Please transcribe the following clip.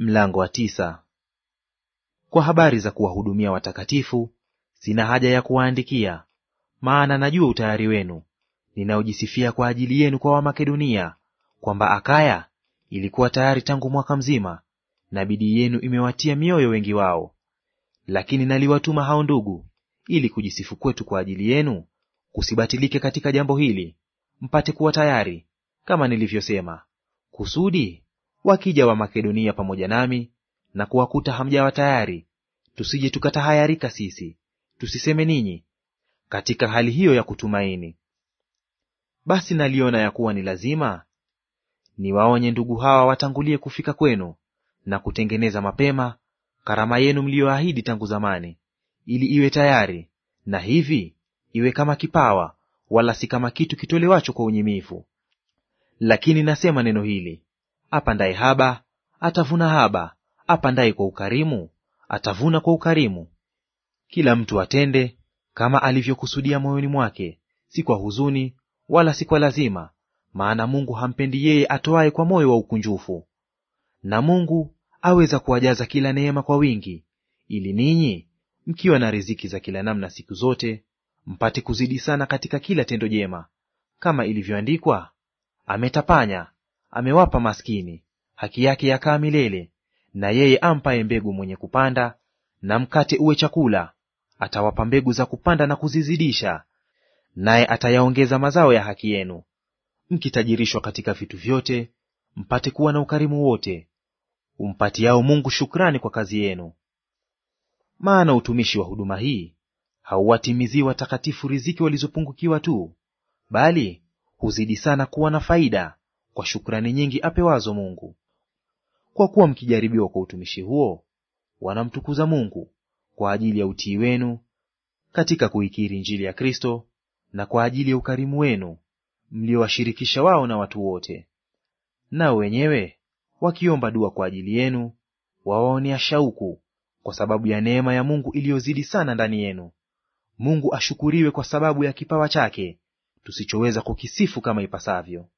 Mlango wa tisa. Kwa habari za kuwahudumia watakatifu sina haja ya kuwaandikia, maana najua utayari wenu ninayojisifia kwa ajili yenu kwa Wamakedonia, kwamba Akaya ilikuwa tayari tangu mwaka mzima, na bidii yenu imewatia mioyo wengi wao. Lakini naliwatuma hao ndugu, ili kujisifu kwetu kwa ajili yenu kusibatilike katika jambo hili, mpate kuwa tayari kama nilivyosema, kusudi wakija Wamakedonia pamoja nami na kuwakuta hamjawa tayari, tusije tukatahayarika sisi, tusiseme ninyi katika hali hiyo ya kutumaini. Basi naliona ya kuwa ni lazima niwaonye ndugu hawa watangulie kufika kwenu na kutengeneza mapema karama yenu mliyoahidi tangu zamani, ili iwe tayari, na hivi iwe kama kipawa, wala si kama kitu kitolewacho kwa unyimivu Lakini nasema neno hili Apandaye haba atavuna haba, apandaye kwa ukarimu atavuna kwa ukarimu. Kila mtu atende kama alivyokusudia moyoni mwake, si kwa huzuni wala si kwa lazima, maana Mungu hampendi yeye atoaye kwa moyo wa ukunjufu. Na Mungu aweza kuwajaza kila neema kwa wingi, ili ninyi mkiwa na riziki za kila namna siku zote mpate kuzidi sana katika kila tendo jema, kama ilivyoandikwa, ametapanya amewapa maskini, haki yake yakaa milele. Na yeye ampaye mbegu mwenye kupanda na mkate uwe chakula, atawapa mbegu za kupanda na kuzizidisha, naye atayaongeza mazao ya haki yenu, mkitajirishwa katika vitu vyote, mpate kuwa na ukarimu wote, umpatiao Mungu shukrani kwa kazi yenu. Maana utumishi wa huduma hii hauwatimizii watakatifu riziki walizopungukiwa tu, bali huzidi sana kuwa na faida kwa shukrani nyingi apewazo Mungu. Kwa kuwa mkijaribiwa kwa utumishi huo, wanamtukuza Mungu kwa ajili ya utii wenu katika kuikiri Injili ya Kristo na kwa ajili ya ukarimu wenu mliowashirikisha wao na watu wote. Nao wenyewe wakiomba dua kwa ajili yenu wawaonea shauku kwa sababu ya neema ya Mungu iliyozidi sana ndani yenu. Mungu ashukuriwe kwa sababu ya kipawa chake tusichoweza kukisifu kama ipasavyo.